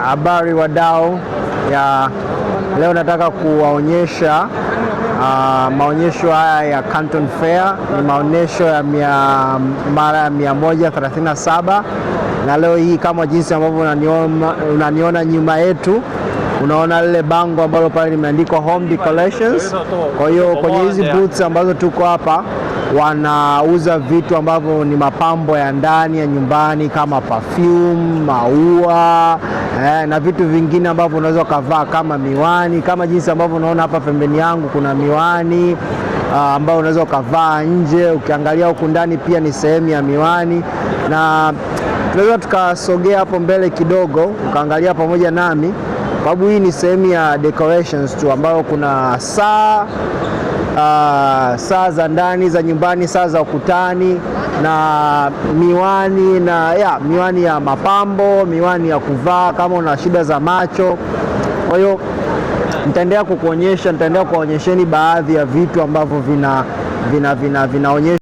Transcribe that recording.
habari wadau ya leo, nataka kuwaonyesha uh, maonyesho haya ya Canton Fair. Ni maonyesho ya mara ya 137 na leo hii kama jinsi ambavyo unaniona, unaniona nyuma yetu unaona lile bango ambalo pale limeandikwa home decorations. Kwa hiyo kwenye hizi booths ambazo tuko hapa wanauza vitu ambavyo ni mapambo ya ndani ya nyumbani kama perfume, maua eh, na vitu vingine ambavyo unaweza ukavaa kama miwani, kama jinsi ambavyo unaona hapa pembeni yangu kuna miwani uh, ambayo unaweza ukavaa nje. Ukiangalia huku ndani pia ni sehemu ya miwani, na tunaweza tukasogea hapo mbele kidogo ukaangalia pamoja nami sababu hii ni sehemu ya decorations tu ambayo kuna saa uh, saa za ndani za nyumbani, saa za ukutani na miwani na ya, miwani ya mapambo, miwani ya kuvaa kama una shida za macho. Kwa hiyo nitaendelea kukuonyesha, nitaendelea kuwaonyesheni baadhi ya vitu ambavyo vina vina vina